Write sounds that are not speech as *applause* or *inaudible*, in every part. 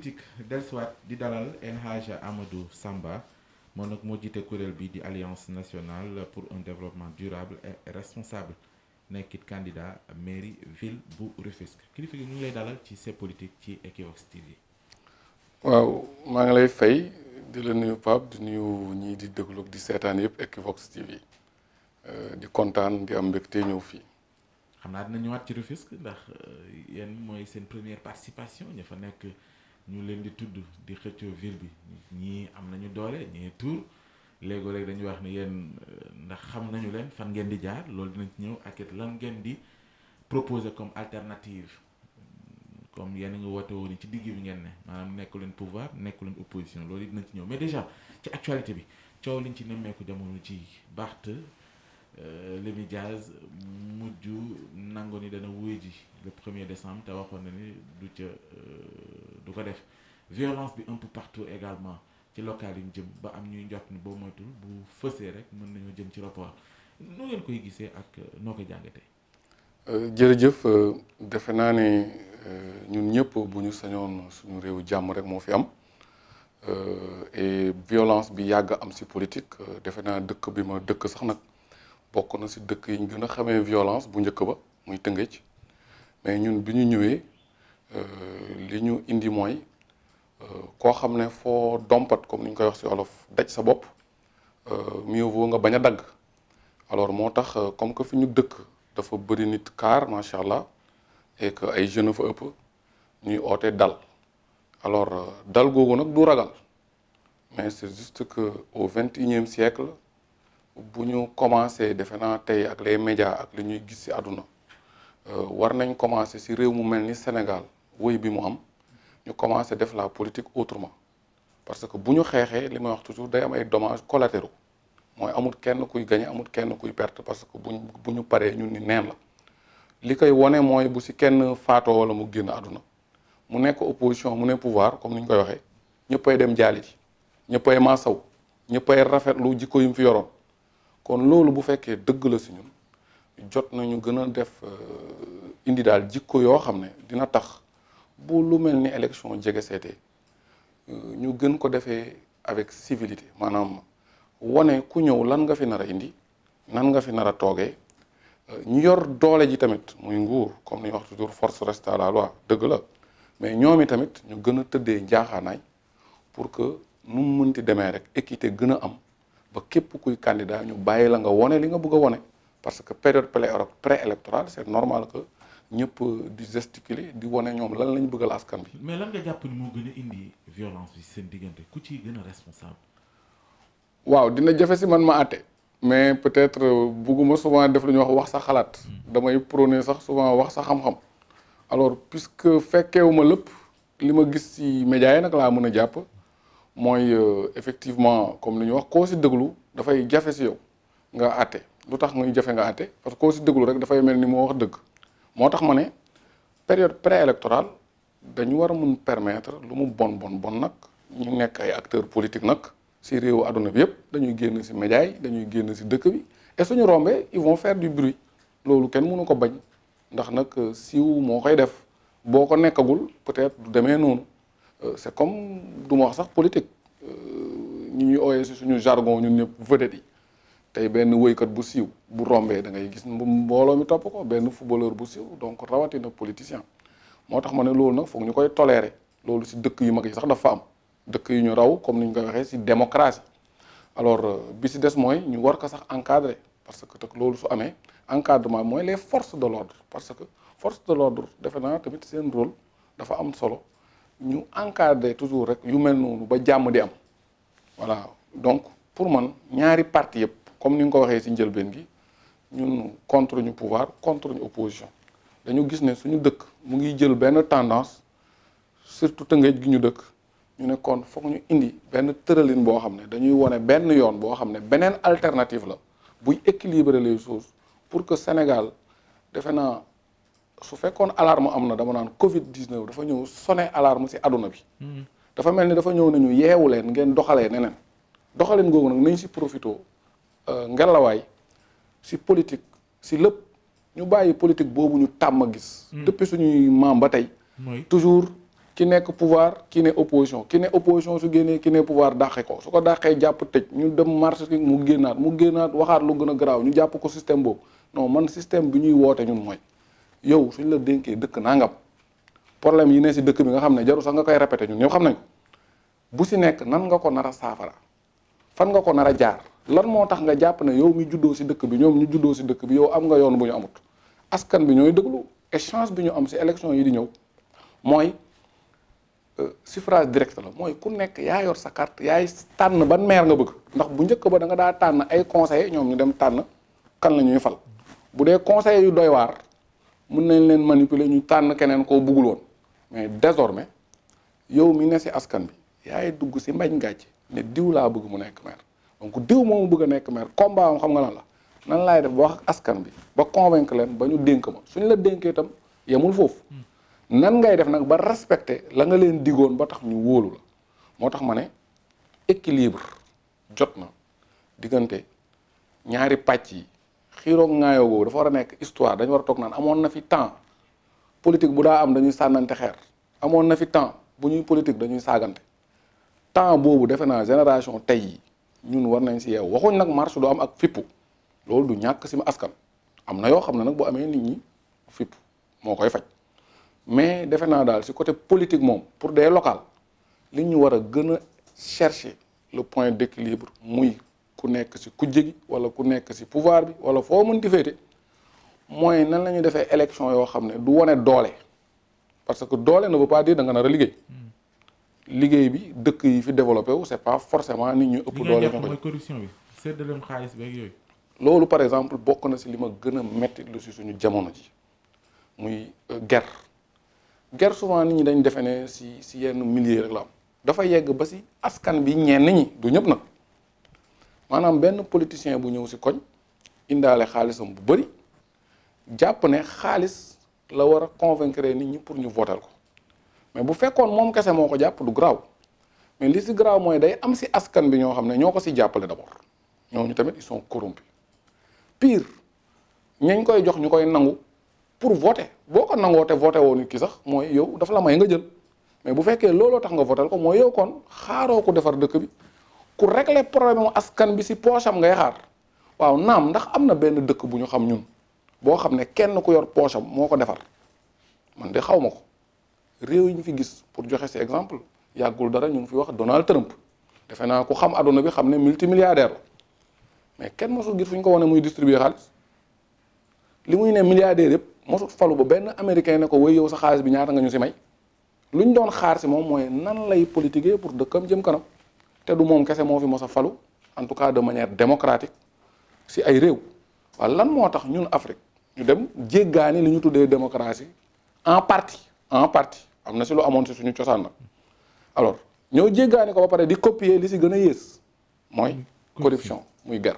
politique dellusiwaat di dalal El Hadj Samba moom nag moo jiite kuréel bi di alliance nationale pour un développement durable et responsable nekkit candidat mairie ville bu Rufisque kilifa gi ñu ngi lay ci ces ci Equivox TV. waaw maa ngi lay fay di la nuyu Pape di nuyu ñii di déglu di seetaan yëpp Equivox TV euh, di kontaan di am mbégte ñëw fii. xam naa dina ñëwaat ci Rufisque ndax euh, yéen mooy seen première participation ña fa nekk. ñu leen di tudd di xëccoo ville bi ñii am nañu doole ñii tuur léegoo léeg dañuy wax ne yéen euh, ndax xam nañu leen fan ngeen di jaar loolu dinañ ci ñëw ak it lan ngeen di proposer comme alternative comme yéen a ngi woote woon ci digg bi ngeen ne maanaam nekku leen pouvoir nekku leen opposition loolu dinañ ci ñëw mais déjà ci actualité bi coow liñ ci nemmeeku jamono ji baxte Euh, Lémi Diaz mujj nango ni dana wuy ji le premier décembre te waxoon na ni du ca euh, du ko def violence bi un peu partout également ci local yi ñu jëm ba am ñuy njot ni boo moytul bu fësee rek mën nañoo jëm ci rapport noo ngeen koy gisee ak euh, noo ko jàngatee. jërëjëf defe naa ne ñun ñëpp bu ñu sañoon suñu réew jàmm rek moo fi am et violence bi yàgg am si politique defe naa dëkk bi ma dëkk sax nag. bokk na si dëkk yi ñu gën a xamee violence bu njëkk ba muy Tëngéej mais ñun bi ñu ñëwee euh, li ñu indi mooy euh, koo xam ne foo dompat comme ni ñu koy wax si olof daj sa bopp euh, mieux vaut nga bañ a dagg alors moo tax comme que fi ñu dëkk dafa bëri nit kaar macha allah et que ay jeunes fa ëpp ñuy oote dal alors dal googu nag du ragal mais c'est juste que au vingt et unième siècle bu ñu commencé defe naa tey ak les médias ak li ñuy gis ci àdduna euh, war nañ commencé ci réew mu mel ni Sénégal woy bi mu am ñu commencé def la politique autrement parce que bu ñu xeexee li may wax toujours day am ay dommages collatéraux mooy amul kenn kuy gagné amut kenn kuy perte parce que buñ bu ñu paree ñun ni neen la li koy wone mooy bu ci kenn faatoo wala mu génn àdduna mu nekk opposition mu ne pouvoir comme ni ñu koy waxee ñëppay dem jaali ji ñëppay maasaw ñëppay rafetlu jikko yu fi yoroon kon loolu bu fekkee dëgg la si ñun jot na ñu gën a def euh, indi daal jikko yoo xam ne dina tax bu lu mel ni élection jege seetee euh, ñu gën ko defee avec civilité maanaam wane ku ñëw lan nga fi nar a indi nan nga fi nar a toogee euh, ñu yor doole ji tamit muy nguur comme ni wax toujours force reste à la dëgg la mais ñoom i tamit ñu gën a tëddee njaaxaanaay pour que nu mu mënti demee rek équité gën a am ba képp kuy candidat ñu bàyyi la nga wone li nga bëgg a wone parce que période pré électorale c'est normal que ñëpp di gesticuler di wone ñoom lan lañ bëggal askan bi. mais lan nga jàpp ni moo gën a indi violence bi seen diggante ku ci gën a responsable. waaw dina jafe si man ma àtte. mais peut-être bugguma souvent def lañu ñuy wax wax sa xalaat. Hmm. damay prôné sax souvent wax sa xam-xam. alors puisque fekkeewuma lépp li ma gis ci média yi nag laa mën a jàpp. mooy euh, effectivement comme li ñuy wax koo si déglu dafay jafe si yow nga àtte lu tax muy jafe nga àtte parce que koo si déglu rek dafay mel ni moo wax dëgg moo tax ma ne période préélectorale dañu war a mun permettre lu mu bon bon bon nag ñu nekk ay acteurs politique nag si réew adduna bi yëpp dañuy génn si média yi dañuy génn si dëkk bi et suñu rombee ils fair du bruit loolu kenn mënu ko bañ ndax nag euh, siiw moo koy def boo ko nekkagul peut-être du demee noonu. Euh, c'est comme du ma wax sax politique euh, ñu ñuy ooyee si suñu jargon ñu ñëpp vedette yi tey benn woykat bu siiw bu rombee da ngay gis mbooloo mi topp ko benn footballeur bu siiw donc rawatina politicien moo tax ma ne loolu nag foog ñu koy tolérer loolu si dëkk yu mag yi sax dafa am dëkk yu ñu raw comme ni ñu koy waxee si démocratie alors euh, bi si des mooy ñu war ko sax encadrer parce que teg loolu su amee encadrement mooy les forces de l'ordre parce que force de l'ordre defe naa tamit seen rôle dafa am solo ñu encadrer toujours rek yu mel noonu ba jàmm di am voilà donc pour man ñaari parti yëpp comme ni nga ko waxee ci njëlbeen gi ñun contre ñu pouvoir contre ñu opposition dañu gis ne suñu dëkk mu ngi jël benn tendance surtout tëngëj gi ñu dëkk ñu ne kon foog ñu indi benn tëralin boo xam ne dañuy wone benn yoon boo xam ne beneen alternative la buy équilibrer les choses pour que Sénégal defe naa su fekkoon alarme am na dama naan Covid 19 dafa ñëw sonné alarme si àdduna bi. Hmm. dafa mel ni dafa ñëw nañu yeewu leen ngeen doxalee neneen doxaleen googu nag nañ si profito euh, ngelawaay si politique si lépp ñu bàyyi politique boobu ñu tàmm gis. Hmm. depuis suñuy maam ba tey. toujours ki nekk pouvoir ki ne opposition ki ne opposition su génnee ki ne pouvoir dàqe ko su ko dàqee jàpp tëj ñu dem marché mu génnaat mu génnaat waxaat lu gën a garaaw ñu jàpp ko système boobu non man système bi ñuy woote ñun mooy. yow suñ la dénkee dëkk nangam problème yi ne si dëkk bi nga xam ne jaru sax nga koy répété ñun ñëpp xam nañ bu si nekk nan nga ko nar a saafara fan nga ko nar a jaar lan moo tax nga jàpp ne yow mi juddoo si dëkk bi ñoom ñu juddoo si dëkk bi yow am nga yoon bu ñu amut askan bi ñooy déglu et bi ñu am si élection yi di ñëw mooy euh, suffrage direct la mooy ku nekk yaa yor sa carte yaay tànn ban meer nga bëgg ndax bu njëkk ba da nga daa tànn ay conseillers ñoom ñu dem tànn kan la ñuy fal bu dee conseillers yu doy mun nañ leen manipuler ñu tànn keneen ko buggul woon mais désormais yow mi ne si askan bi yaay dugg si mbañ gàcce ne diw laa bëgg mu nekk maire donc diw moom bëgg a nekk maire combat am xam nga lan la nan laay def ba wax ak askan bi ba convaincre leen ba ñu dénk ma suñ la dénkee itam yemul foofu nan ngay def nag ba respecter la nga leen digoon ba tax ñu wóolu la moo tax ma ne équilibre jot na diggante ñaari pàcc yi xiiroog ŋaayoo googu dafa war a nekk histoire dañ war a toog naan amoon na fi temps politique bu daa am dañuy sànnante xeer amoon na fi temps bu ñuy politique dañuy saagante temps boobu defe naa génération tey yi ñun war nañ si yeew waxuñ nag marche du am ak fippu loolu du ñàkk si askan am na yoo xam ne nag bu amee nit ñi fippu moo koy faj mais defe naa daal si côté politique moom pour des locales li ñu war a gën a chercher le point d'équilibre muy ku nekk si kujje gi wala ku nekk si pouvoir bi wala foo mën di mooy nan la defee élection yoo xam ne du wane doole parce que doole na veut pas dire nga nar a liggéey hmm. liggéey bi dëkk yi fi développé wu c' est pas forcément nit ñu ëpp doole ñoo ko corruption bi séddaleem xaalis beeg yooyu loolu par exemple bokk na si li ma gën a métti lu si suñu jamono ji muy euh, guerre guerre souvent nit ñi dañ defe ne si si yenn millier rek la am dafa yegg ba si askan bi ñenn ñi du ñëpp nag maanaam benn politicien bu ñëw si koñ indaale xaalisam bu bëri jàpp ne xaalis la war a convaincre nit ñi pour ñu voter ko mais bu fekkoon moom kese moo ko jàpp du garaaw mais li si garaaw mooy day am si askan bi ñoo xam ne ñoo ko si jàppale ñoo ñu tamit ils sont corrompus pire ngi koy jox ñu koy nangu pour voter boo ko nangoo te voter woon ki sax mooy yow dafa la may nga jël mais bu fekkee looloo tax nga voter ko mooy yow kon xaaroo ko defar dëkk bi ku régler problème mu askan bi si poche am ngay xaar waaw naam ndax am na benn dëkk bu ñu xam ñun boo xam ne kenn ku yor poche moo ko defar man de xaw ma ko réew yi ñu fi gis pour joxe si exemple yàggul dara ñu ngi fi wax Donald Trump defe naa ku xam aduna bi xam ne multimilliardaire la mais kenn mosul gis fu ñu ko wane muy distribuer xaalis li muy ne milliardaire yëpp mosul falu ba benn américain ne ko way yow sa xaalis bi ñaata nga ñu si may luñ doon xaar si moom mooy nan lay politiquer pour dëkkam jëm kanam. te du moom kese moo fi mos a falu en tout cas de manière démocratique si ay réew waaye lan moo tax ñun Afrique ñu dem jéggaani li ñu tuddee démocratie en partie en partie am na si lu amoon si suñu cosaan nag alors ñoo jéggaani ko ba pare di copier li si gën a yées mooy corruption muy ger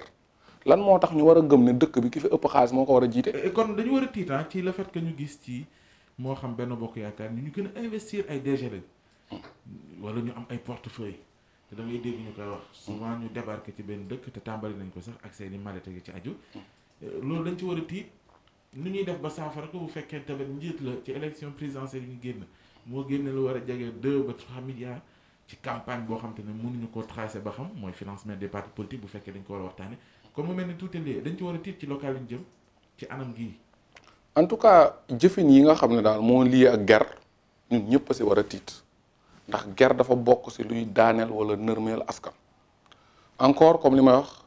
lan moo tax ñu war a gëm ne dëkk bi ki fi ëpp xaalis moo ko war a jiite. Eh, eh, kon dañu war a tiitaan ah, ci le fait que ñu gis ci moo xam benn bokk yaakaar ni ñu gën a investir ay DG lañ hmm. wala ñu am ay portefeuille te da ngay dégg ñu koy wax su souvent ñu débarqué ci benn dëkk te tàmbali nañ ko sax ak seen i malette gi ci aju euh, loolu dañ ci war a tiit nu ñuy def ba saafara ko bu fekkee tamit njiit la ci élection présidentielle yi ñu génn moo génne lu war a jege deux ba trois milliards ci campagne boo xam te ne mënuñu ko tracé ba xam mooy financement de partis politiques bu fekkee dañ ko war a waxtaane comme mu mel ni tuuti lii dañ ci war a tiit ci local yi ñu ci anam gii en tout cas jëfin yi nga xam ne daal moo lii ak ger ñun ñëpp a war a tiit ndax ger dafa bokk ci luy daaneel wala nërmeel askan encore comme li may wax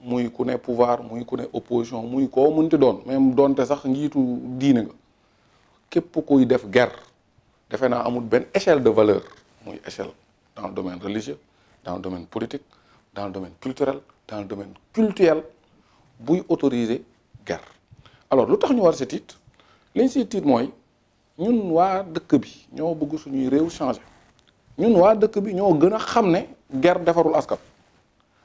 muy ku ne pouvoir muy ku ne opposition muy koo munti doon même donte sax njiitu diine nga képp kuy def ger defe naa amul benn échelle de valeur muy échelle dans le domaine religieux dans le domaine politique dans le domaine culturel dans le domaine culturel buy autoriser guerre alors lu tax ñu war si tiit liñ si tiit mooy ñun waa dëkk bi ñoo bëgg suñuy réew changer ñun waa dëkk bi ñoo gën a xam ne ger defarul askan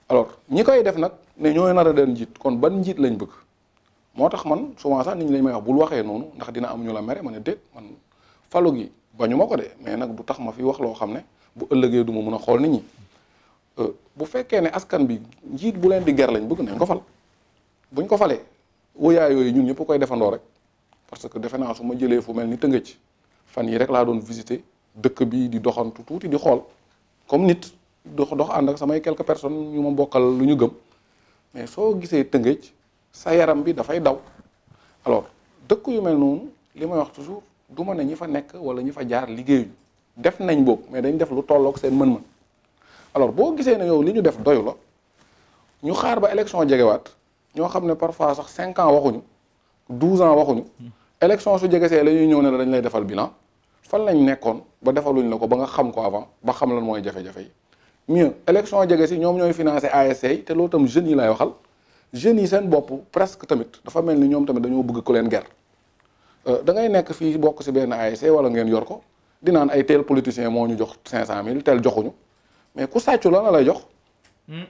alors ñi koy def nag ne ñoo nar a den njiit kon ban njiit lañ bëgg moo tax man souvent sax nit ñi lañ may bul waxee noonu ndax dina am la mere ma ne déet man falu gi bañu ma ko de mais nag du tax ma fi wax loo xam ne bu ëllëgee du ma mën a xool nit ñi euh, bu fekkee ne askan bi njiit bu leen di ger lañ bëgg nañ ko fal buñ ko falee woyaa yooyu ñun ñëpp koy defandoo rek parce que defe su ma jëlee fu mel ni Tëngéej fan yi rek laa doon visité dëkk bi di doxantu tuuti di xool comme nit dox dox ànd ak samay quelques personnes ñu ma bokkal lu ñu gëm mais soo gisee tëngëj sa yaram bi dafay daw alors dëkk yu mel noonu li may wax toujours du ma ne ñi fa nekk wala ñi fa jaar liggéeyuñ def nañ boobu mais dañ def lu tollook seen mën-mën alors boo gisee ne yow li ñu def doyu la ñu xaar ba élection jegewaat ñoo xam ne parfois sax cinq ans waxuñu douze ans waxuñu hmm. élection su jegesee la ñuy ñëw ne la dañ lay defal bilan fan lañ nekkoon ba defaluñ la ko ba nga xam ko avant ba xam lan mooy jafe-jafe yi mieux élection jege si ñoom ñooy financé ASC yi te loo tam jeunes yi laay waxal jeunes yi seen bopp presque tamit dafa mel ni ñoom tamit dañoo bëgg ko leen ger euh, da ngay nekk fii bokk si benn ASC wala ngeen yor ko di naan ay tel politicien moo ñu jox cinq cent mille tel joxuñu mais ku sàccu la la lay jox hmm.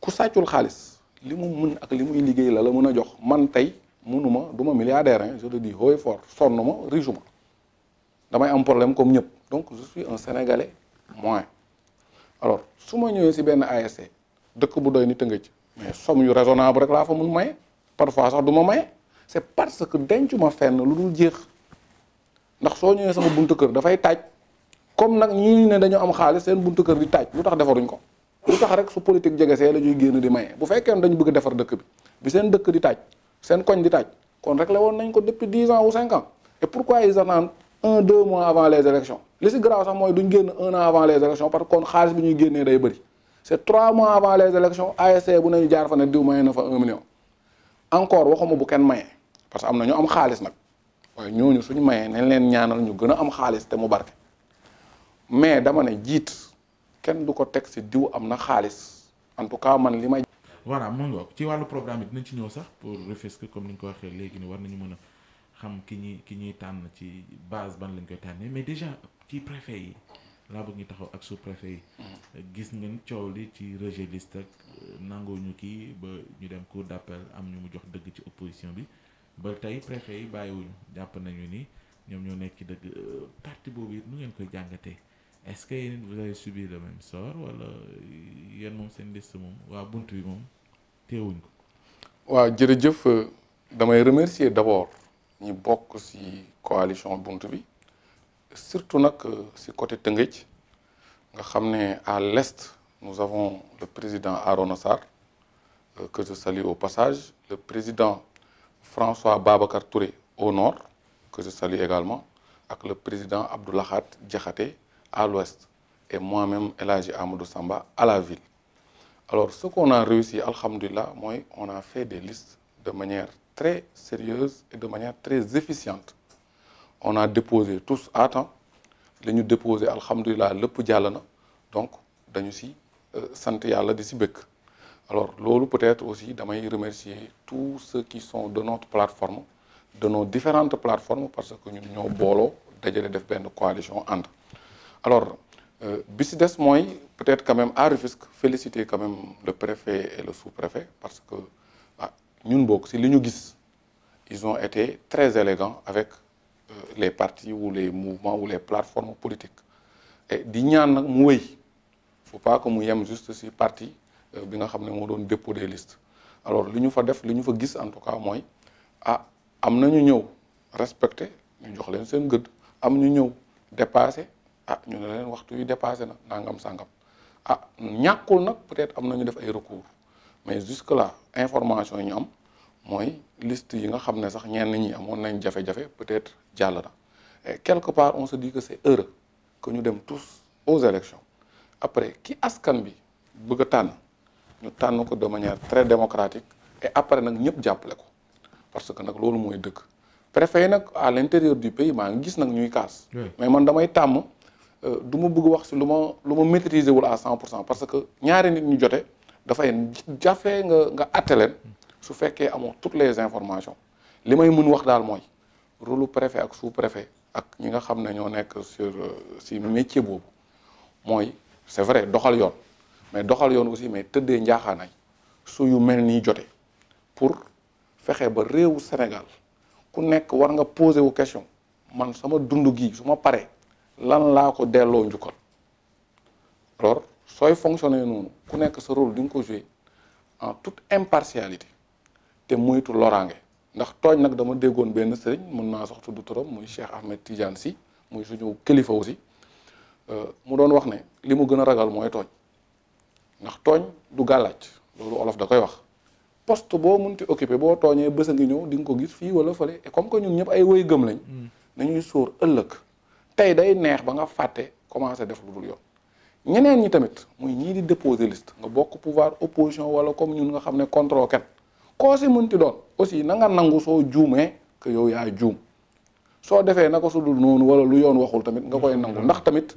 ku sàccul xaalis li mu mën ak li muy liggéey la la mën a jox man tey mënuma duma milliardaire je le dis haut et fort sonn ma riche ma damay am problème comme ñëpp donc je suis un sénégalais moins alors su ma ñëwee si benn ASC dëkk bu doy ni Tëngéej mais somme yu raisonnable rek laa fa mun maye parfois sax du ma maye c' est parce que dencu ma fenn lu dul jeex ndax soo ñëwee sama buntu kër dafay taaj comme nag ñii ne dañu am xaalis seen buntu kër di taaj lu tax defaruñ ko lu tax rek su politique jegesee la ñuy génn di maye bu fekkee dañu bëgg defar dëkk bi bi seen dëkk di taaj seen koñ di kon rek la woon nañ ko depuis dix ans ou cinq un deux mois avant les élections li si garaaw sax mooy duñ génn un an avant les élections parce que kon xaalis bi ñuy génnee day bëri c'est trois mois avant les élections ASC bu nañu jaar fa ne diw maye na fa un million encore waxuma bu kenn maye parce que am na ñu am xaalis nag waaye ñooñu suñu maye nañ leen ñaanal ñu gën a am xaalis te mu barke mais dama ne jiit kenn du ko teg si diw am na xaalis en tout cas man li may. voilà moom ci wàllu programme bi dinañ ci ñëw sax pour Rufisque comme ni xam ki ñuy ki ñuy tànn ci base ban lañ koy tànnee mais déjà ci préfet yi laa bëgg ñu taxaw ak sous préfet yi gis ngeen coow li ci rejet liste ak euh, nangoo ñu kii ba ñu dem cour d'appel am ñu mu jox dëgg ci opposition bi ba tey préfet yi bàyyiwuñ jàpp nañu ni ñoom ñoo nekk ci dëgg euh, parti boobu it nu ngeen koy jàngatee est-ce que yéen vous avez subi le même sort wala euh, yéen moom seen liste moom waa bunt bi moom teewuñ ko waaw jërëjëf damay remercier d'abord ñi bokk ci coalition bunt bi surtout nag euh, ci côté Tëngéej nga xam ne à l'est nous avons le président Arona Sarr euh, que je salue au passage le président François Babacar Touré au nord que je salue également ak le président Abdou Lahad Diakhaté à l'ouest et moi-même El Hadji Amadou Samba à la ville alors ce qu'on a réussi alhamdulillah mooy on a fait des listes de manières très sérieuse et de manière très efficiente on a déposé tous à temps li ñu déposé alhamdulilah lépp jàll na donc dañu si euh, sant yàlla di si bëgg alors loolu peut-être aussi damay remercier tous ceux qui sont de notre plateforme de nos différentes plateformes parce que ñu ñoo booloo dajale def benn coalition ànd alors euh, bi si des mooy peut-être quand même à Rufisque féliciter quand même le préfet et le sous-préfet parce que ñun bokk si li ñu gis ils ont été très élégants avec euh, les partis ou les mouvements ou les plateformes politiques di ñaan nag mu wéy faut pas mu yem juste si parti euh, bi nga xam ne moo doon dépôt des listes alors lu ñu fa def lu ñu fa gis en tout cas mooy ah am na ñu ñëw respecté ñu jox leen seen gëdd am ñu ñëw dépassé ah ñu ne leen waxtu yu dépassé na nangam sangam ah ñàkkul nag peut-être am na ñu def ay recours mais jusque là information yi ñu am mooy liste yi nga xam ne sax ñenn ñi amoon nañ jafe-jafe peut-être jàll na et quelque part on se di que c'est heureux que ñu dem tous aux élections après ki askan bi bëgg a tànn ñu tànn ko de manière très démocratique et après nag ñëpp jàppale ko parce que nag loolu mooy dëkk préfet yi nag à l'intérieur du pays maa ngi gis nag ñuy kaas mais man damay tàmm euh, du ma bëgg wax si lu ma lu ma maîtriser wul à cent pour cent parce que ñaari nit ñu jote dafay jafe nga nga atte su fekkee amoo toutes les informations li may mun wax daal mooy rôle préfet ak sous préfet ak ñi nga xam ne ñoo nekk sur euh, si métier boobu mooy c'est vrai doxal yoon mais doxal yoon aussi mais tëddee njaaxaanaay su yu mel nii jote pour fexe ba réewu Sénégal ku nekk war nga posé wu question man sama dund gi su ma paree lan laa ko delloo njukkal alors sooy fonctionner noonu ku nekk sa role di ko jouer en tout impartialité te moytu loraange ndax tooñ nag dama déggoon benn sëriñ mën naa sax du turam muy Cheikh Ahmed Tidiane si muy suñu kilifa aussi euh, mu doon wax ne li mu gën a ragal mooy tooñ ndax tooñ du gàllaaj loolu olof da koy wax poste boo munti occupé boo tooñee bés a ngi ñëw di nga ko gis fii wala fële et comme que ñun ñëpp ay woy gëm lañ nañuy mm. sóor ëllëg tey day neex ba nga fàtte commencé def yoon ñeneen ñi tamit muy ñii di déposer liste nga bokk pouvoir opposition wala comme ñun nga xam ne contrôle kenn koo si mënti doon aussi nanga nga nangu soo juumee que yow yaa juum soo defee na ko su dul noonu wala lu yoon waxul tamit nga koy nangu ndax tamit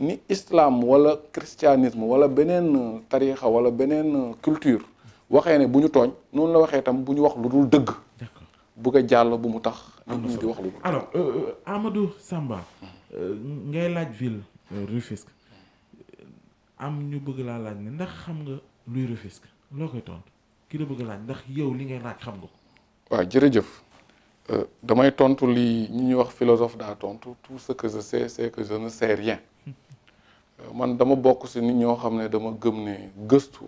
ni islam wala christianisme wala beneen euh, tarixa wala beneen euh, culture waxee ne bu ñu tooñ noonu la waxee tam bu ñu wax lu dul dëgg bëgg a jàll bu mu tax nit ñi di wax lu dul alors euh, Amadou Samba laaj ville am ñu bëgg laa laaj ne ndax xam nga luy Rufisque loo koy tontu ki la bëgg laaj ndax yow li ngay laaj xam nga ko. waaw jërëjëf euh, damay tontu lii ñi ñuy wax philosophe daa tontu tout ce que je sais c'est que je ne sais rien *laughs* euh, man dama bokk ci nit ñoo xam ne dama gëm ne gëstu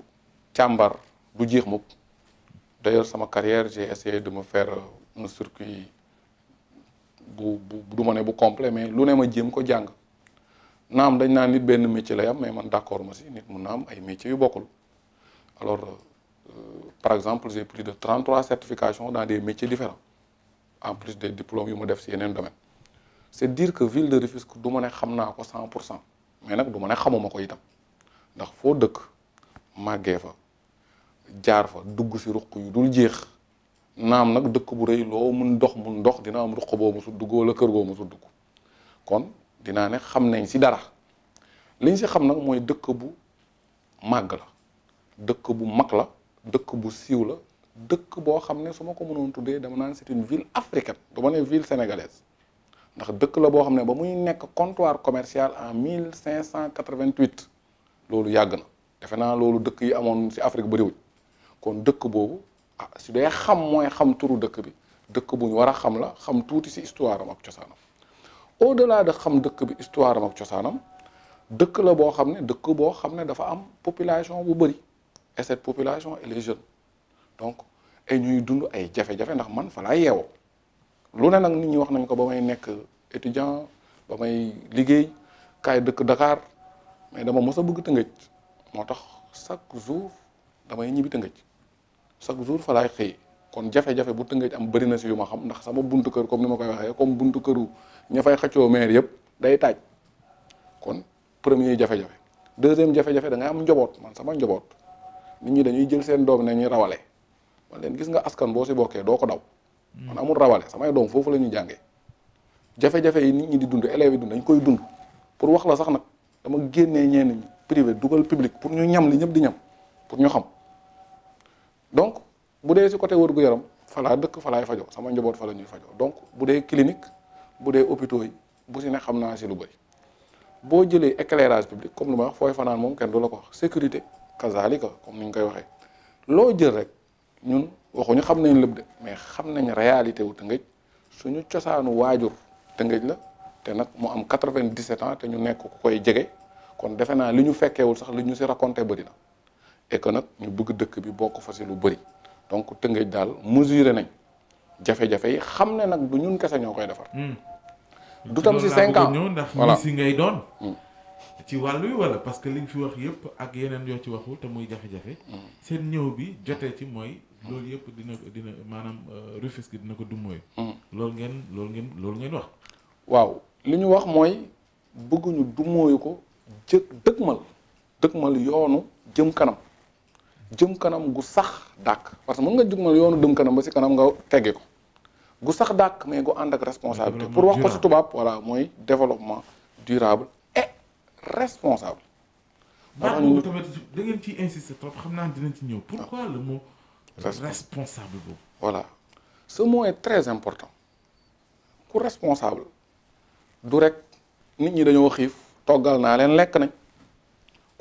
càmbar du jeex mukk d'ailleurs sama carrière j'ai essayé de me faire euh, un circuit bu bu du ma ne bu complet mais lu ne ma jéem ko jàng. naam dañ naa nit benn métier lay am mais man d'accord ma si nit mu na am ay métiers yu bokkul alors euh, par exemple j'ai plus de 33 certifications dans des métiers différents en plus des diplômes yu ma def si yeneen domaine c'est dire que ville de Rufisque du ma ne xam naa ko 100 pour cent mais nag du ma ne xamuma ko itam ndax foo dëkk màggee fa jaar fa dugg si ruq yu dul jeex naam nag dëkk bu rëy loo mun dox mun dox dina am ruq boo musul dugg wala kër goo musul dugg kon dinaa ne xam nañ si dara liñ si xam nag mooy dëkk bu màgg la dëkk bu mag la dëkk bu siiw la dëkk boo xam ne su ma ko mënoon tuddee dama naan c'est une ville africaine dama ne ville sénégalaise ndax dëkk la boo xam ne ba muy nekk comptoir commercial en 1588 loolu yàgg na defe naa loolu dëkk yi amoon si Afrique bëriwul kon dëkk boobu ah su dee xam mooy xam turu dëkk bi dëkk bu war a xam la xam tuuti si histoire am ak cosaanam. au delà da xam dëkk bi histoire am ak cosaanam dëkk la boo xam ne dëkk boo xam ne dafa am population bu bëri et cette population et les jeunes donc ay ñuy dund ay jafe-jafe ndax man fa laa yeewoo lu ne nag nit ñi wax nañ ko ba may nekk étudiant ba may liggéey kaay dëkk Dakar mais dama mos a bëgg moo tax chaque jour damay ñibbi Tëngéej chaque jour fa laay xëy kon jafe-jafe bu tëngëj am bëri na si yu ma xam ndax sama buntu kër comme ni ma koy waxee comme buntu këru ña fay xëccoo maire yëpp day taaj kon premier jafe-jafe deuxième da ngay am njaboot man sama njaboot nit ñi dañuy jël seen doom ne ñuy rawale man leen gis nga askan boo si bokkee doo ko daw hmm. man amul rawale samay doom foofu la ñuy jàngee jafe-jafe yi nit ñi di dund élèves yi dund dañ koy dund pour wax la sax nag dama génnee ñenn privé dugal public pour ñu ñam li ñëpp di ñam pour ñu xam donc bu dee si côté wër gu yaram falaa dëkk falaay fajo sama njaboot fa ñuy fajo donc bu dee clinique bu dee hôpitaux yi bu si ne xam naa si lu bëri boo jëlee éclairage public comme lu ma wax fooy fanaan moom kenn du la ko wax sécurité kazaalika comme ni ñu koy waxee loo jël rek ñun waxuñu xam nañ lépp de mais xam nañ réalité wu Tëngéej suñu cosaanu waajur Tëngéej la te nag mu am 97 ans te ñu nekk ku koy jege kon defe naa li ñu fekkeewul sax li ñu si raconté bëri na et nag ñu bëgg dëkk bi bokk fa si lu bëri donc Tëngéej daal mesuré nañ jafe-jafe yi xam ne nag du ñun kese ñoo koy defar. Hmm. du tam si cinq ans voilà si ngay doon. Hmm. ci wàllu yi wala parce que li liñ fi wax yëpp ak yeneen yoo ci waxu te muy jafe-jafe. Hmm. seen ñëw bi jotee ci mooy. loolu yëpp dina dina maanaam euh, Rufisque dina ko dummooy. loolu ngeen loolu ngeen loolu ngeen wax. waaw li ñu wax mooy bëgguñu dummooyu ko jë dëgmal dëgmal yoonu jëm kanam. jëm kanam gu sax dàq parce que mën nga jug ma yoonu jëm kanam ba si kanam nga teggi ko gu sax dàq mais gu ànd ak responsabilité pour wax ko si tubaab voilà mooy développement durable et responsable maa ngi tamit xam naa dinañ ci ñëw ah. pourquoi le mot voilà ce mot est très important ku responsable du rek nit ñi dañoo xiif toggal naa leen lekk nañ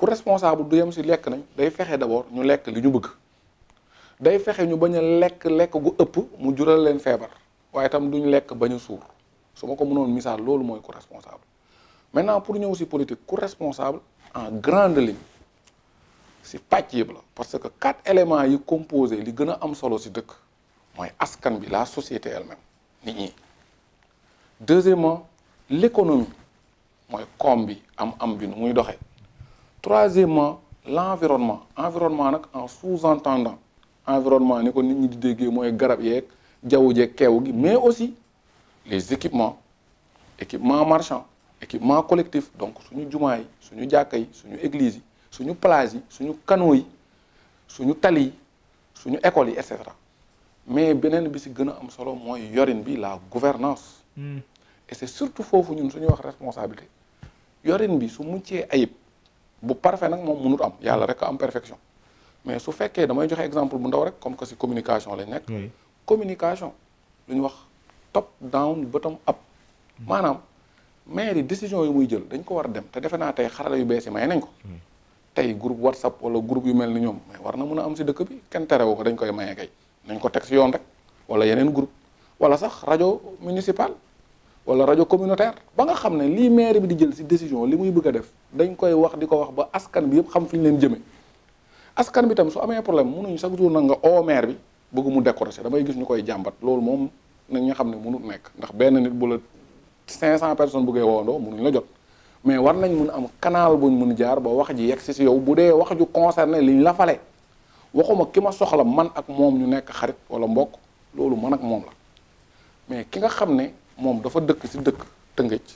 ku responsable du yem si lekk nañ day fexe d'abord ñu lekk li ñu bëgg day fexe ñu bañ a lekk lekk gu ëpp mu jural leen feebar waaye itam duñ lekk bañ a suur su ma ko mënoon misaal loolu mooy ku responsable maintenant pour ñëw si politique ku responsable en grande ligne si pàcc yëpp la parce que quatre éléments yi composé li gën a am solo si dëkk mooy askan bi la société elle-même nit ñi deuxièmement l'économie mooy koom bi am am bi nu muy doxee troisièmement l' environnement environnement nag en sous-entendant environnement ni ko nit ñi di déggee mooy garab yeeg jaww jeeg keew gi mais aussi les équipements équipement marchand équipement collectif donc suñu jumaa yi suñu jàkka yi suñu église yi suñu plage yi suñu canaux yi suñu tali yi suñu écoles yi et cetera mais beneen bi si gën a am solo mooy yorin bi la gouvernance hmm. et c' est surtout foofu ñun suñuy wax responsabilité yorin bi su muccee ayib bu parfait nag moom mënut am yàlla rek am perfection mais su fekkee damay joxe exemple bu ndaw rek comme que si communication lañ nekk. communication lu ñu wax top down bottom up. Hmm. maanaam maire yi décision yu muy jël dañ ko war a dem te defe naa tey xarala yu bees yi may nañ ko. Hmm. tey groupe whatsapp wala groupe yu mel ni ñoom mais war na mën a am si dëkk bi kenn terewu ko dañ koy maye kay nañ ko teg si yoon rek wala yeneen groupe wala sax rajo municipal. wala rajo communautaire ba nga xam ne lii maire bi di jël si décision li muy bëgg a def dañ koy wax di ko wax ba askan bi yëpp xam fi ñu leen jëmee askan bi tam su amee problème mënuñu chaque jour nag nga oo maire bi bëgg mu décrocher damay gis ñu koy jàmbat loolu moom nañ ñu xam ne mënut nekk ndax benn nit bu la 500 personnes bëggee woondoo mënuñ la jot mais war nañ mun am canal buñ mun jaar ba wax ji yegg si si yow bu dee wax ju concerné liñ la fale waxuma ki ma soxla man ak moom ñu nekk xarit wala mbokk loolu man ak moom mais ki nga xam ne moom dafa dëkk si dëkk Tëngéej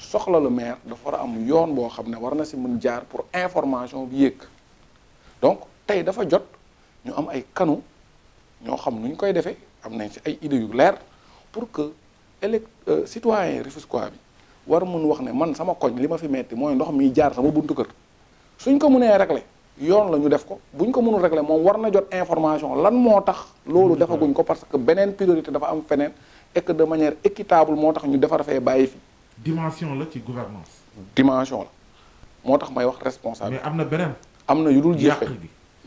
soxla le maire dafa war a am yoon boo xam ne war na si mën jaar pour information bi yéeg donc tey dafa jot ñu am ay kanu ñoo xam nu ñu koy defee am nañ si ay idées yu leer pour que élect euh, citoyen Rufisquois bi war mën wax ne man sama koñ li ma fi metti mooy ndox mi jaar sama buntu kër suñ ko mënee régler yoon la ñu def ko buñ ko mënul regle moom war na jot information lan moo tax loolu defaguñ ko parce que beneen priorité dafa am feneen et de manière équitable moo tax ñu defar fee bàyyi fi. dimension la ci gouvernance dimension la moo tax may wax responsable. am na beneen. am na yu dul jeex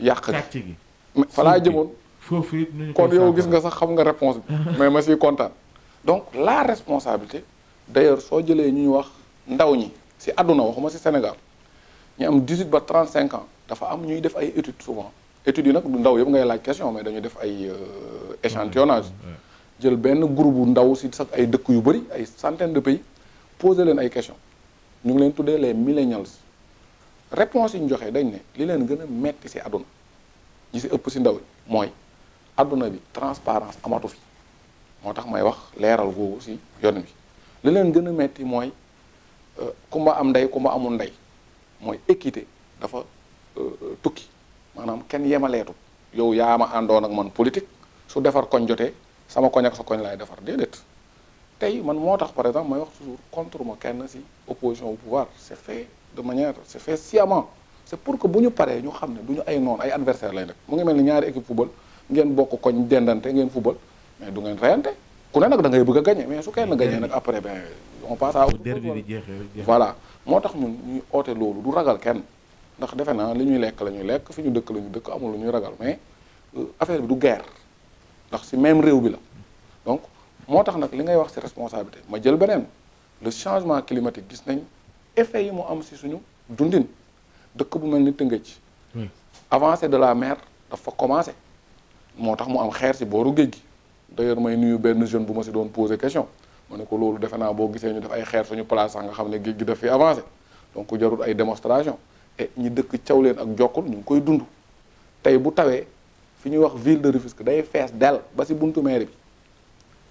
yàq gi yàq gi. mais fa laa jëmoon. foofu it ñu kon yow gis nga sax xam nga réponse bi. *laughs* mais ma siy kontaan. donc la responsabilité d'ailleurs soo jëlee ñu ñuy wax ndaw ñi si àdduna waxuma si Sénégal ñu am 18 ba 35 ans dafa am ñuy def ay études souvent études yi nag du ndaw yëpp ngay laaj question mais dañuy def ay euh, échantillonnage jël benn groupe bu ndaw si sax ay dëkk yu bëri ay centaine de pays poser leen ay question ñu ngi leen tuddee les millennials réponse yi ñu joxe dañ ne li leen gën a metti si adduna ñi si ëpp si ndaw yi mooy adduna bi transparence amatu fi moo tax may wax leeral googu si yoon bi li leen gën a metti mooy euh, kumba am ndey kumba amul ndey mooy équité dafa euh, tukki maanaam kenn yemaleetu yow yaa ma àndoon ak man politique su defar koñ jotee sama koñ ak sa koñ laay defar déedéet tey man moo tax par exemple may wax toujours contre ma kenn ci opposition au pouvoir c'est fait de manière c'est fait sciemment c'est pour que bu ñu paree ñu xam ne du ñu ay noon ay adversaire lañ rek mu ngi mel ni ñaari équipe football ngeen bokk koñ dendante ngeen football mais du ngeen reyante ku ne nag da ngay bëgg a gagner mais su kenn gagner nag après bi on passe à voilà moo tax ñun ñuy oote loolu du ragal kenn ndax defe naa li ñuy lekk la ñuy lekk fi ñu dëkk la dëkk amul lu ñuy ragal mais euh, affaire bi du guerre ndax si même réew bi la donc moo tax nag li ngay wax si responsabilité ma jël beneen le changement climatique gis nañ effet yi mu am si suñu dundin dëkk bu mel ni Tëngéej avancée de la mer dafa commencé moo tax mu am xeer si booru géej gi d'ailleurs may nuyu benn jeune bu ma si doon poser question ma ne ko loolu defe naa boo gisee ñu def ay xeer suñu place sax nga xam ne géej gi daf fi avancé donc jarul ay démonstration et ñi dëkk caw leen ak jokkul ñu ngi koy dund fi ñuy wax ville de Rufisque day fees dell ba ci buntu mairie bi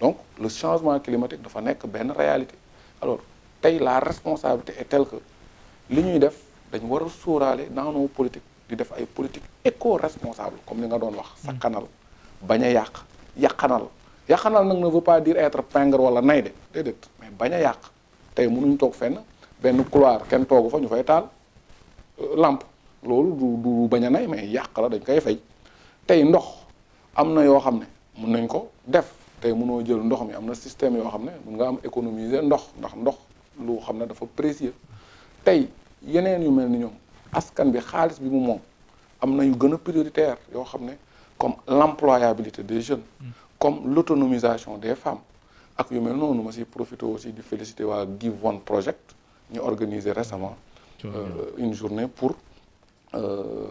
donc le changement climatique dafa nekk benn réalité alors tey la responsabilité et telle que li ñuy def dañu war a sóoraale dans nos politiques di def ay politique éco-responsable comme li nga doon wax hmm. sakkanal bañ a yàq yàqanal yàqanal nag na veut pas dire être pingre wala nay de mais bañ a yàq tey mënuñ toog fenn benn couloir kenn toogu fa ñu fay taal euh, lampe loolu du du bañ a nay mais yàq la dañ koy fay tey ndox am na yoo xam ne mun nañ ko def tey mënoo jël ndox mi am na système yoo xam ne mun nga am économiser ndox ndax ndox lu xam ne dafa précieux tey yeneen yu mel ni ñoom askan bi xaalis bi mu moom am na yu gën a prioritaire yoo xam ne comme l'employabilité des jeunes mm. comme l'autonomisation des femmes ak yu mel noonu ma si profité aussi di féliciter waa Give One Project ñu organiser récemment euh, une journée pour Euh,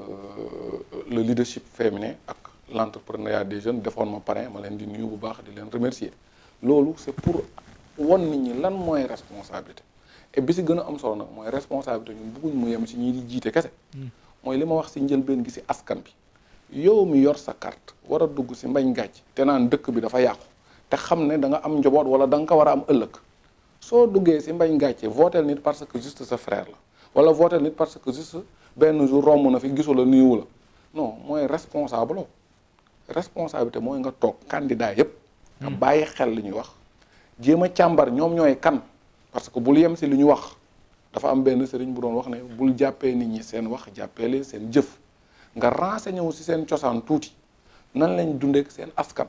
le leadership féminin ak l'entrepreneuriat des jeunes defoon ma parrain ma leen di nuyu bu baax di leen remercier loolu c'est pour won nit ñi lan mooy responsabilité et bi si gën a am solo nag mooy responsabilité ñu bëgguñ mu yem si ñii di jiite kese hmm. mooy li ma wax si njëlbeen gi si askan bi yow mi yor sa carte war a dugg si mbañ gàcc te naan dëkk bi dafa yàqu te xam ne da nga am njoboot wala danga nga ko war a am ëllëg soo duggee si mbañ gàcce votel nit parce que juste sa frère benn jour romb na fi gisu la nuyu la non mooy responsable responsabilité mooy nga toog candidat yëpp nga hmm. bàyyi xel li ñuy wax jéem a càmbar ñoom ñooy kan parce que bul yem si li ñu wax dafa am benn sëriñ bu doon wax ne bul jàppee nit ñi seen wax jàppee leen seen jëf nga renseigné wu si seen cosaan tuuti nan lañ dundeek seen askan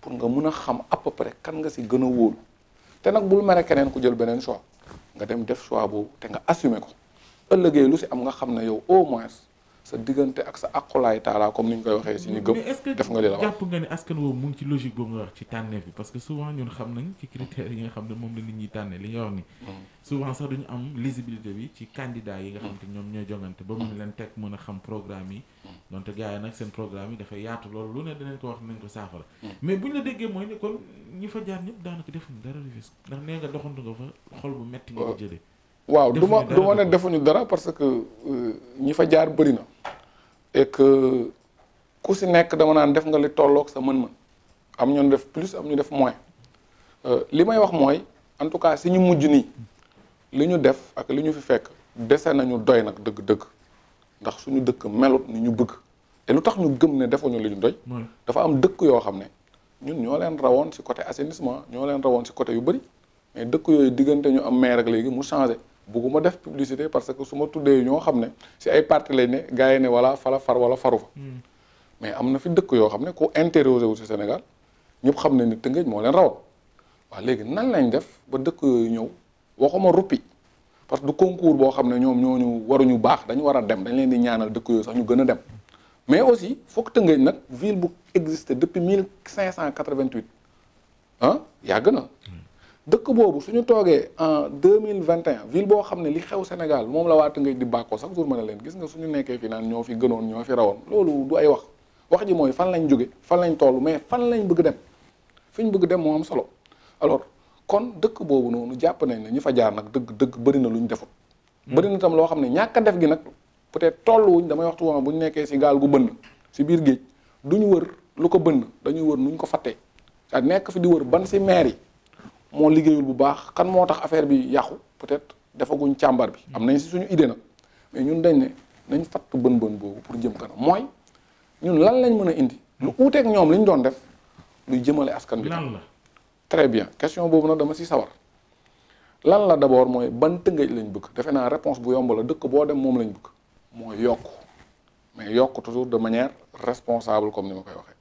pour nga mun a xam à peu près kan nga si gën a wóolu te nag bul mere keneen ku jël beneen choix nga dem def choix boobu te nga assumer ko ëllëgee lu si am nga xam ne yow au moins sa diggante ak sa aqulaay taalaa comme ni ñu koy waxee si ñu gëm. def nga li nga ne askan woowu mu ci logique boobu nga wax ci tànneef bi parce que souvent ñun xam nañ ci critères yi nga xam ne moom la nit ñi tànnee li nga wax ni mm. souvent sax duñu am lisibilité bi ci candidat yi nga xam te ñoom ñooy jongante ba mën mm. leen teg mën a xam programme yi mm. donte gars yi nag seen programme yi dafay yaatu loolu lu ne dinañ waaw du ma du ma ne defuñu dara parce que euh, ñi fa jaar bëri na et ku si nekk dama naan def nga li tollook sa mën-mën am ñoon def plus am ñu def moins euh, li may wax mooy en tout cas si ñu mujj nii li ñu def ak li ñu fi fekk dese nañu doy nag dëgg-dëgg ndax suñu dëkk melut ni ñu bëgg te lu tax ñu gëm ne defuñu li ñu doy dafa am dëkk yoo xam ne ñun ñoo leen rawoon si côté assainissement ñoo leen rawoon si côté yu bëri mais dëkk yooyu diggante ñu am maire ak léegi mu changé bugguma def publicité parce que su ma tuddee ñoo xam ne si ay parti lañ ne gars yi ne wala fala far wala faru fa hmm. mais am na fi dëkk yoo xam ne ko interrogé wu si Sénégal ñëpp xam ne ni Tëngéej moo leen rawal waaw léegi nan lañ def ba dëkk yooyu ñëw waxuma ruppi parce que du concours boo xam ne ñoom ñooñu waruñu baax dañu war a dem dañ leen di ñaanal dëkk yooyu sax ñu gën a dem mais aussi foog Tëngéej nag ville bu existe depuis mille cinq cent quatre-vingt-huit ah yàgg na dëkk boobu suñu toogee en deux mille vingt et un ville boo xam ne li xew Sénégal moom la waata ngay di bàkkoo chaque jour ma a leen gis nga suñu nekkee fi naan ñoo fi gënoon ñoo fi rawoon loolu du ay wax wax ji mooy fan lañ jóge fan lañ toll mais fan lañ bëgg dem fi ñu bëgg dem moo am solo alors kon dëkk boobu noonu jàpp nañ ne ñu fa jaar nag dëgg dëgg bëri na lu ñu defut hmm. bëri na tam loo xam ne ñàkk a def gi nag peut-être wuñ damay waxtu woon bu ñu nekkee si gaal gu bënn si biir géej duñu wër lu ko bënn dañuy wër nuñ ko fattee nekk fi di wër ban si yi moo liggéeyul bu baax xan moo tax affaire bi yàqu peut-être defaguñ càmbar bi am nañ si suñu idée na mais ñun dañ ne nañ fatt bën bën boobu pour jëm kanam mooy ñun lan lañ mën a indi lu uuteeg ñoom li doon def luy jëmale askan bi lan la très bien question boobu nag dama si sawar lan la d'abord mooy ban tëngëj lañ bëgg defe naa réponse bu yomb la dëkk boo dem moom lañ bëgg mooy yokk mais yokk toujours de manière responsable comme ni ma koy waxee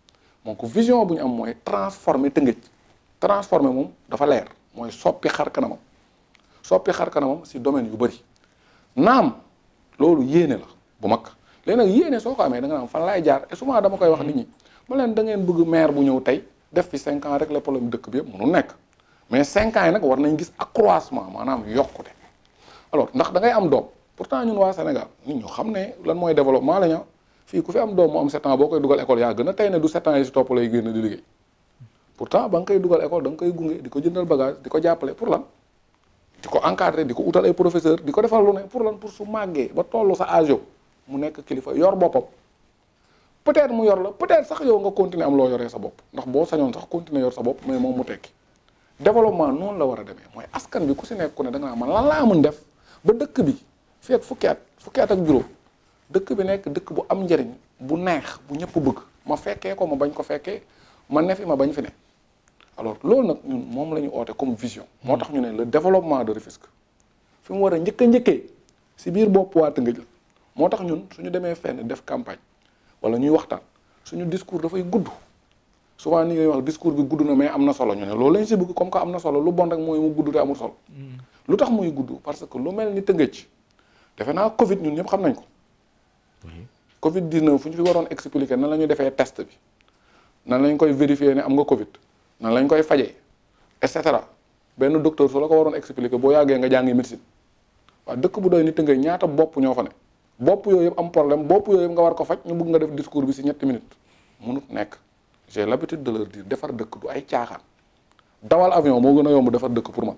donc vision bu ñu am mooy transformer tëngëj transformé moom dafa leer mooy soppi xar kanamam soppi xar kanamam si domaine yu bëri naam loolu yéene la bu mag léegi nag yéene soo ko amee da nga naan fan laay jaar et souvent dama koy wax nit ñi ma leen da ngeen bëgg maire bu ñëw tey def fi cinq ans rek le problème yëpp mënul nekk mais cinq ans yi nag war nañ gis accroissement maanaam yokkute alors ndax da ngay am doom pourtant ñun waa Sénégal nit ñu xam ne lan mooy développement la ñu fii ku fi am doom mu am sept boo koy dugal école yaa gën a tey ne du sept ans yi si topp lay génn pourtant ba nga koy dugal école da nga koy gunge di ko jëndal bagage di ko jàppale pour lan di ko encadrer di ko utal ay professeur di ko defal lu ne pour lan pour su màggee ba tollu sa âge mu nekk kilifa yor boppam peut-être mu yor la peut sax yow nga continuer am loo yoree sa bopp ndax boo sañoon sax continuer yor sa bopp mais moom mu tekki développement noonu la war a demee mooy askan bi ku si nekk ne danga nga man lan laa mën def ba dëkk bi fii ak at fukki at ak juróom dëkk bi nekk dëkk bu am njëriñ bu neex bu ñëpp bëgg ma fekkee ko ma bañ ko fekkee ma ne fi ma bañ fi alors loolu nag ñun moom la ñu oote comme vision. moo tax ñu ne le développement de Rufisque fi mu war a njëkk a njëkkee si biir bopp waa Tëngéej la moo tax ñun suñu demee fenn def campagne wala ñuy waxtaan suñu discours dafay gudd su ni ngay wax discours bi gudd na mais am na solo ñu ne loolu lañ si bëgg comme que am na solo lu bon rek mooy mu gudd te amul solo. Mm. lu tax muy gudd parce que lu mel ni Tëngéej defe naa Covid ñun ñëpp xam nañ ko. Covid 19 fu ñu fi waroon expliquer nan la ñuy defee test nan lañ koy vérifier ne am nga Covid. nan lañ koy fajee et cetera benn docteur su la ko waroon expliquer boo yàggee nga jàngi médecine waaw dëkk bu doy ni tëngay ñaata bopp ñoo fa ne bopp yooyu yëpp am problème bopp yooyu yëpp nga war ko faj ñu bugg nga def discours bi ci ñetti minutes mënut nekk j'ai l'habitude de leur dire defar dëkk du ay caaxaan dawal avion moo gën a yomb defar dëkk pour man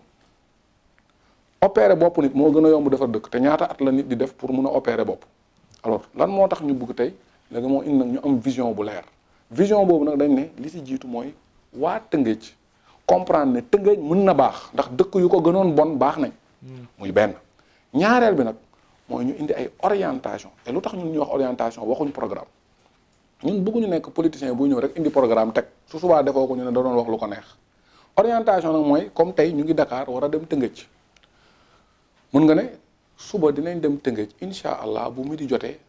opérer bopp nit moo gën a yomb defar dëkk te ñaata at la nit di def pour mun a opérer bopp alors lan moo tax ñu bugg tey léegi moo indi nag ñu am vision bu leer vision boobu nag dañ ne li ci jiitu mooy waa Tëngéej comprendre ne Tëngéej mën na baax ndax dëkk yu ko gënoon bon baax nañ. muy benn ñaareel bi nag mooy ñu indi ay orientation te lu tax ñu ñun ñuy wax orientation waxuñu programme ñun bëgguñu nekk politicien buy ñëw rek indi programme teg su subaa defoo ko ñu ne da doon wax lu ko neex orientation nag mooy comme tey ñu ngi Dakar war a dem Tëngéej mun nga ne suba dinañ dem Tëngéej incha allah bu mu di jotee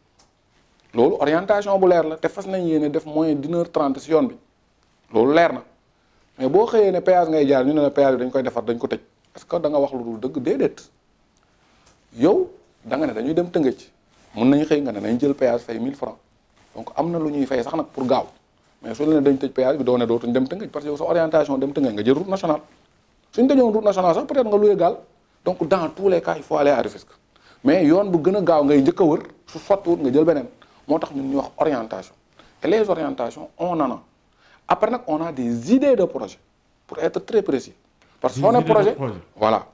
loolu orientation bu leer la te fas nañ yéene def moyen d'une heure si yoon bi. loolu leer na mais boo xëyee ne péage ngay jaar ñu ne la péage bi dañ koy defar dañ ko tëj est-ce que da nga wax lu dul dëgg déedéet yow da nga ne dañuy dem Tëngéej mun nañ xëy nga ne nañ jël péage fay 1000 francs donc am na lu ñuy fay sax nag pour gaaw mais su la ne dañ tëj péage bi doo ne dootuñ dem Tëngéej parce que yow sa orientation dem Tëngéej nga jël route nationale suñ tëjoon route nationale sax peut-être nga loué gaal donc dans tous les cas il faut yoon bu gën a gaaw ngay njëkk a wër su sottiwut nga jël beneen moo tax ñun ñu wax orientation les orientations on en après nag on a des idées de projet pour être très précis. parce que soo ne projet voilà.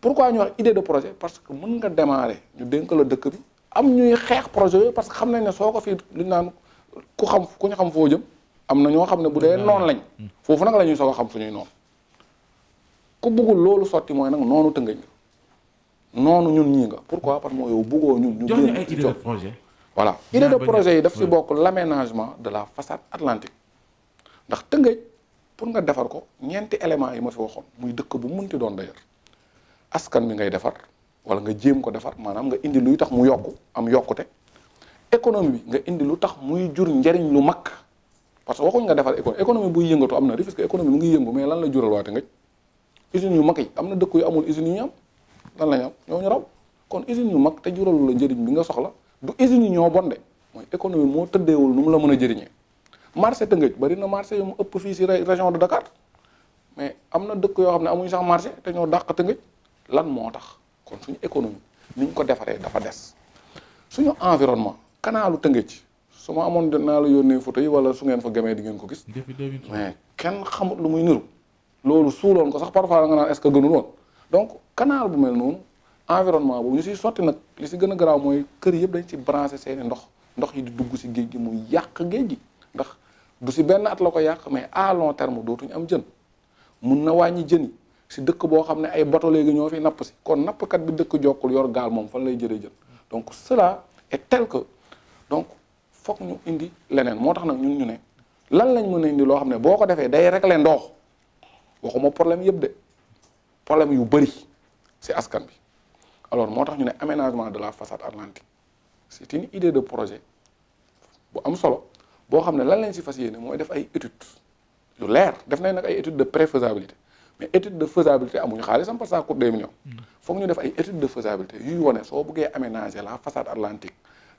pourquoi ñu wax idée de projet parce que mën nga démarrer ñu dénk la dëkk bi am ñuy xeex projet yooyu parce que xam nañ ne soo ko fii lu ñu naan ku xam ku ñu xam foo jëm am na ñoo xam ne bu dee noon lañ. Mm. foofu nag la ñuy soog a xam suñuy noonu. ku bëggul loolu sotti mooy nag noonu tëngëj nga noonu ñun ñii nga pourquoi parce que moo yow bëggoo ñun. ñu génn ci jox yi daf si bokk l' de la façade atlantique. ndax tëngëj pour nga defar ko ñeenti éléments yi ma fi waxoon muy dëkk bu munti doon d'ailleurs askan bi ngay defar wala nga jéem ko defar maanaam nga indi luy tax mu yokku am yokkute économie bi nga indi lu tax muy jur njariñ lu mag parce que waxuñ nga defar économie économie buy yëngatu am na risque économie mu ngi yëngu mais lan la jural waate nga usines yu mag yi am na dëkk yu amul usines yu ñu lan la ñam ñoo ñu raw kon usines yu mag te juralu la njëriñ bi nga soxla du bonde mooy économie moo tëddeewul nu mu la mën a jëriñee marché Tëngéej bari na marché yu mu ëpp fii si région de Dakar mais am na dëkk yoo xam ne amuñ sax marché te ñoo dàq Tëngéej lan moo tax kon suñu économie ni ñu ko defaree dafa des suñu environnement kanaalu Tëngéej su ma amoon dinaa la yónnee photo yi wala su ngeen fa gemee di ngeen ko gis mais kenn xamut lu muy niru loolu suuloon ko sax parfois nga naan est-ce que gënul woon donc kanaal bu mel noonu environnement boobu ñu si sotti nag li si gën a garaaw mooy kër yëpp dañ si branché seeni ndox ndox yi di dugg si géej gi muy yàq géej gi ndax du si benn at la ko yàq mais à long terme dootuñu am jën mun na wàññi jën yi si dëkk boo xam ne ay bato léegi ñoo fi napp si kon nappkat bi dëkk jokkul yor gaal moom fan lay jëre jën donc cela et tel que donc foog ñu indi leneen moo tax nag ñun ñu ne lan lañ mën a indi loo xam ne boo ko defee day régler ndox waxuma problème yëpp de problème yu bëri si askan bi alors moo tax ñu ne aménagement de la façade atlantique c'est une idée de projet bu am solo boo xam ne lan lañ si fas yéene mooy def ay étude lu leer def nañ nag ay étude de préfaisabilité mais étude de faisabilité amuñu xaalisam parce que coûte deux millions mm. foog ñu def ay étude de faisabilité yuy wone soo bëggee aménager la façade atlantique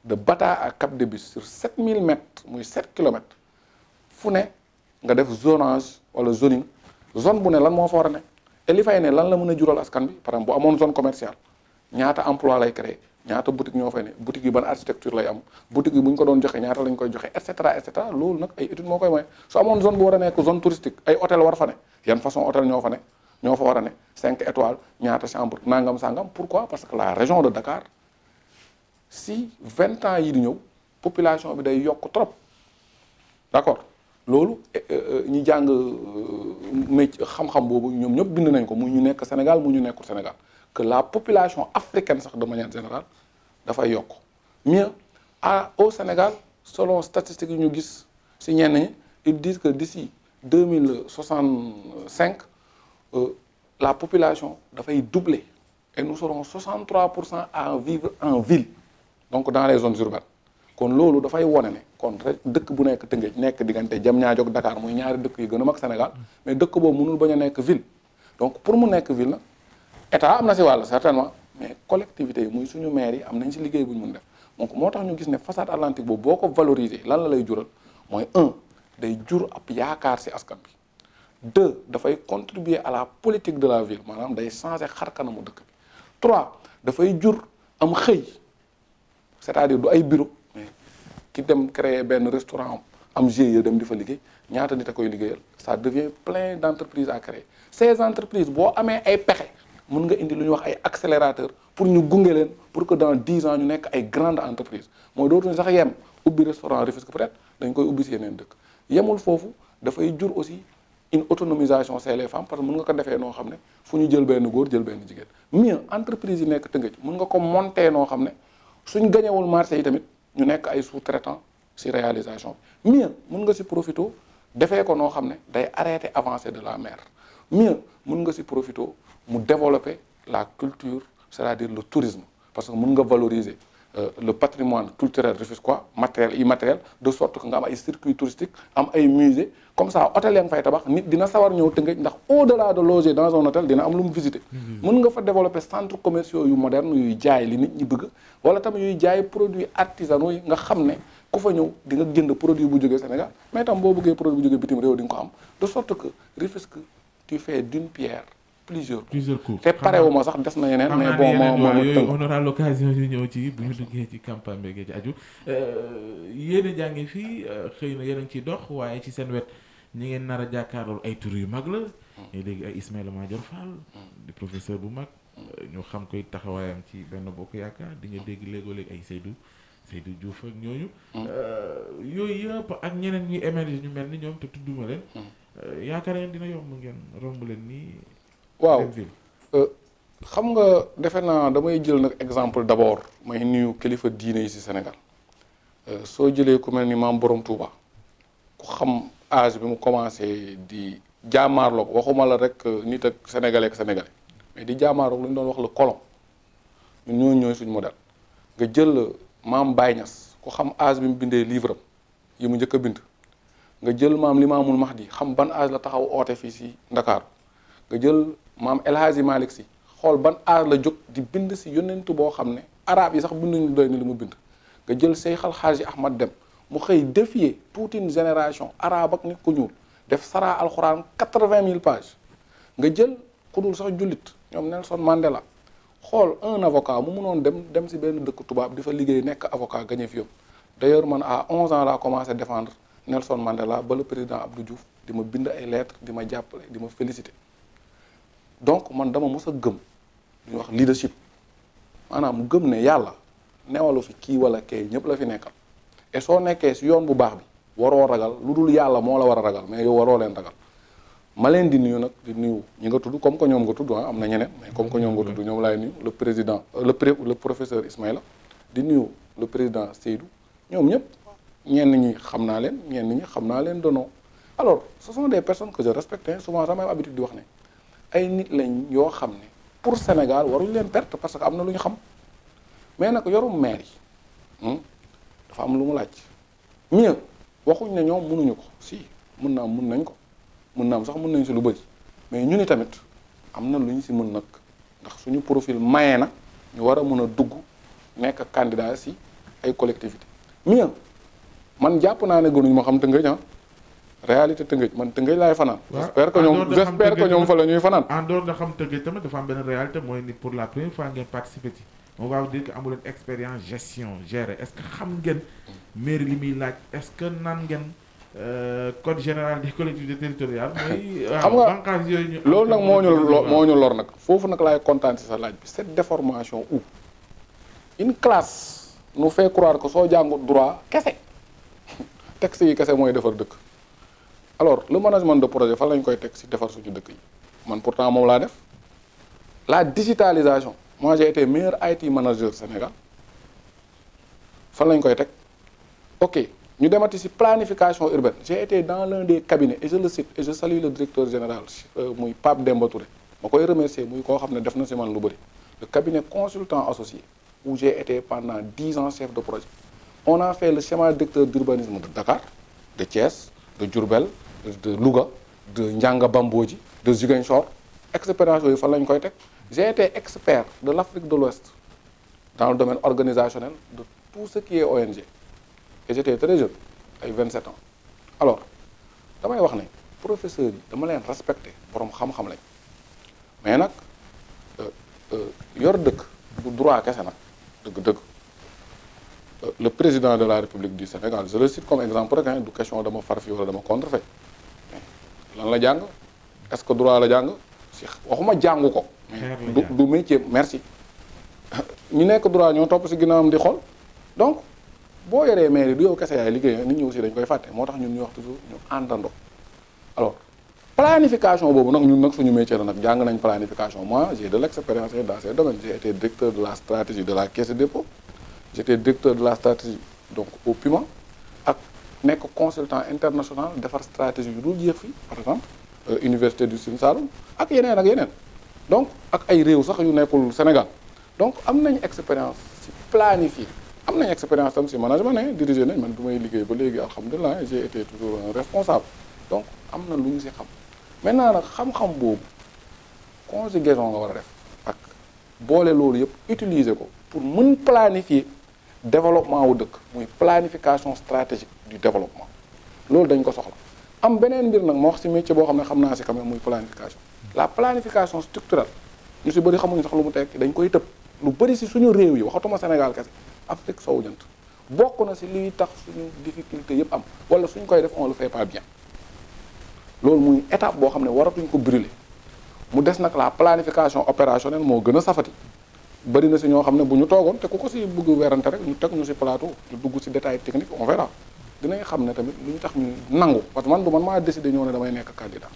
de Bata à Cap de Biche sur 7000 mètres muy 7 kilomètres fu ne nga def zonage wala zoning zone bu ne lan moo fa war ne te li fay lan la mën a jural askan bi par exemple bu amoon zone commerciale ñaata emploi lay créer ñaata boutique ñoo fay ne boutique yi ban architecture lay am boutique yi bu ko doon joxe ñaata lañ koy joxe et cetera et cetera loolu nag ay étude moo koy may su amoon zone bu war a nekk zone touristique ay hôtel war fa ne yan façon hôtel ñoo fa war a ne cinq étoiles ñaata chambre nangam sangam pourquoi parce que la région de Dakar si vingt ans yi di ñëw population bi day yokk trop d'accord loolu eh, eh, eh, ñi jàng euh, métier xam-xam boobu ñoom ñëpp bind nañ ko mu ñu nekk Sénégal mu ñu nekkul Sénégal que la population africaine sax de manière générale dafay yokk mieux à au Sénégal selon statistiques yi ñu gis si ñenn ñi ils disent que di deux mille soixante cinq euh, la population dafay doubler et nous serons 63 pour cent à vivre en ville donc dans les zones urbaines kon loolu dafay wone ne kon rek dëkk bu nekk Tëngéej nekk diggante Diamniadio ak dakaar muy ñaari dëkk yi gën a mag Sénégal mais dëkk boobu munul bañ a nekk ville donc pour mu nekk ville nag. état am na si wàll certainement mais collectivité yi muy suñu maire yi am nañ si liggéey bu ñu mun def donc moo tax ñu gis ne façade atlantique boobu boo ko valoriser lan la lay jural mooy un day jur ab yaakaar si askan bi deux dafay contribuer à la politique de la ville maanaam day changer xar kanamu dëkk bi trois dafay jur am xëy cest à di du ay bureau mais ki dem créer benn restaurant am GIE dem di fa liggéey ñaata nit a koy liggéeyal ça devient plein d'entreprises à créer ces entreprises boo amee ay pexe mun nga indi lu ñu wax ay accélérateur pour ñu gunge leen pour que dans dix ans ñu nekk ay grande entreprise mooy dootuñu sax yem ubbi restaurant Rufisque peut-être dañ koy ubbi si yeneen dëkk yemul foofu dafay jur aussi une autonomisation chez les femmes parce que mën nga ko defee noo xam ne fu ñu jël benn góor jël benn jigéen mieux entreprise yi nekk tëngëj mën nga ko monter noo xam ne suñ gañewul marché yi tamit ñu nekk ay sous-traitant si réalisation mën nga si profito defee ko noo xam ne day arrêter avancée de la mer mieux mun nga si profité mu développer la culture c'est-à-dire le tourisme parce que mun nga valoriser euh, le patrimoine culturel rufisquois matériel immatériel de sorte que nga am ay circuit touristique am ay musée comme ça hôtel yaa fay tabax nit dina sawar ñëw Tëngéej ndax au delà de loger dans un hôtel dina am lu mu visiter mm-hmm. mun nga fa développer centres commerciaux yu moderne yuy jaay li nit ñi bëgg wala tam yuy jaay produits artisanaux yi nga xam ne ku fa ñëw di nga jënd produit bu jógee Sénégal mais tam boo bëggee produit bu jógee bitim réew tu fais d'une pierre plusieurs plusieurs coups te parewuma sax des na yeneen mais bon moo moo on aura l'occasion yu ñëw ci bu ñu duggee ci campagne bi ci aju euh, yéen a jàngi fii euh, xëy na yéen a ciy dox waaye ci seen wet ñi ngeen nar a jàkkaarlool ay tur yu mag la léegi ay Ismaïla Madior Fall di professeur bu mag euh, ñu xam koy taxawaayam ci benn bokk yaakaar di nga dégg léegoo léegi ay Seydou Seydou Diouf ak ñooñu mm. yooyu yëpp ak ñeneen ñu ñuy émerger ñu mel ni ñoom te tudduma leen mm. Euh, yaakaar ngeen dina yomb ngeen romb leen nii. waaw euh, xam nga defe naa damay jël nag exemple d'abord may nuyu kilifa diine yi si Sénégal euh, soo jëlee ku mel ni maam Borom Touba ku xam âge bi mu commencé di jaamaarloo ko waxuma la rek nit ak sénégalais ak sénégalais mais di jaamaarloo lu ñu doon wax la colon ñun ñoo ñooy suñu modèle nga jël maam Baye Niass ku xam âge bi mu bindee livre am yi mu njëkk a bind. nga jël maam Limaamul di xam ban âge la taxaw oote fii si Ndakaaru nga jël maam El Hadji si xool ban âge la jóg di bind si yónnentu boo xam ne arab yi sax binduñu doy ni li mu bind nga jël Seyxal Xaaji Ahmad Dem mu xëy défier tout une génération arabe ak nit ku ñuul def saraa alxuraan quatre-vingt mille pages nga jël ku dul sax jullit ñoom Nelson Mandela xool un avocat mu mënoon dem dem si benn dëkk tubaab dafa liggéey nekk avocat gañe f yëpp d'ailleurs man à onze ans commencé défendre Nelson Mandela ba le président Abdou Diouf di ma bind ay lettres di ma jàppale di ma félicité donc man dama mos a gëm lu ñuy wax leadership maanaam gëm ne yàlla newalu fi kii wala kay ñëpp la fi nekkal e soo nekkee si yoon bu baax bi waroo ragal lu dul yàlla moo la war a ragal mais yow waroo leen ragal ma leen di nuyu nag di nuyu ñi nga tudd comme que ñoom nga tudd ah am na ñeneen mais comme que ñoom nga tudd ñoom laay nuyu le président euh, le le professeur Ismaïla di nuyu le président Seydou ñoom ñëpp. ñenn ñi xam naa leen ñenn ñi xam naa leen dono alors ce sont des personnes que je respecte souvent sama habitude di wax ne ay nit lañ yoo xam ne pour Sénégal waruñu leen perte parce que am na lu ñu xam mais nag yorum maire yi hmm, dafa am lu mu laaj mieux waxuñ ne ñoom munuñu ko si mën naa mun nañ ko mun na am sax mun nañ si lu bëri mais ñu ni tamit am na lu ñu si mën nag ndax suñu profil maye na ñu war a mën a dugg nekk candidat si ay collectivité mieux man jàpp naa ne gënuñ ma xam tëngëj ah réalité tëngëj man tëngëj laay fanaan. j'espère que ñoom j'espère que ñoom fa la fanaan. en dehors de xam tëngëj tamit dafa am benn réalité mooy ni pour la première fois ngeen participer ci on va dire que amu leen expérience gestion gérer est-ce xam ngeen mairie li muy laaj est-ce que naan ngeen. Euh, code général des collectivités territoriales *laughs* mooy. Euh, xam nga loolu nag moo ñu moo ñu lor nag foofu nag laay kontaan sa laaj bi cette déformation où une classe nous fait croire que soo jàngut droit kese. texte yi kese mooy defar dëkk alors le management de projet fan lañ koy teg si defar suñu dëkk yi man pourtant moom laa def la digitalisation moi j'ai été meilleur IT manager Sénégal fan lañ koy teg ok ñu demati si planification urbaine j'ai été dans l'un des cabinets et je le cite et je salue le directeur général euh, muy Pape Demba Touré ma koy remercier muy koo xam ne def na si man lu bëri le cabinet consultant associé où j'ai pendant dix ans chef de projet on a fait le schéma directeur d'urbanisme de Dakar de Thiès de Diourbel de Louga de Ndianga Bambodji de Ziguinchor expérience yooyu fan la ñu koy teg j'ai expert de l'Afrique de l'Ouest dans le domaine organisationnel de tout ce qui ONG et j'étais très jeune ay 27 ans alors damay wax nañ professeur yi dama leen respecté borom xam-xam lañ mais nag euh, euh, yor dëkk du droit kese nag dëgg-dëgg le président de la République du Sénégal je le comme exemple rek du question dama far fi wala dama contrefait lan la jàng est-ce que droit la jàng si waxuma jàngu ko. du du métier merci. ñu nekk droit ñoo topp si ginnaawam di xool donc boo yoree mairie du yow kese yaay liggéey nit ñi aussi dañ koy fàtte moo tax ñun ñu wax toujours ñu àndandoo. alors planification boobu nag ñun nag suñu métier la nag jàng nañ planification moi j'ai de l'expérience de la j'étais directeur de la stratégie donc au Puma ak nekk consultant international defar stratégie yu dul jeex fi par exemple euh, université du Sine Saloum ak yeneen ak yeneen donc ak ay réew sax yu nekkul Sénégal donc am nañu expérience ci planifier am nañ expérience tam ci management ne diriger nañ man du may liggéey ba léegi alhamdulilah j'ai été toujours un responsable donc am na lu ñu si xam maintenant nag xam-xam boobu conjugaison nga war a def ak boole loolu yëpp utiliser ko développement wu dëkk muy planification stratégique du développement loolu dañ ko soxla am beneen mbir nag ma wax si métier boo xam ne xam naa ci quand même muy planification la planification structurelle ñu ci bëri xamuñu sax lu mu tekki dañ koy tëb lu bëri si suñu réew yi waxatuma Sénégal kese Afrique sowu jant bokk na ci liy tax suñu difficulté yëpp am wala suñu koy def on le fait pas bien loolu muy étape boo xam ne waratuñ ko brûler mu des nag la planification opérationnelle moo gën a safati bari na si ñoo xam ne bu ñu toogoon te ku ko si bëgg weerante rek ñu teg ñu si plateau ñu dugg si détail technique on verra dinañ xam ne tamit lu ñu tax ñu nangu parce que man du man maa décidé ñoo ne damay nekk candidat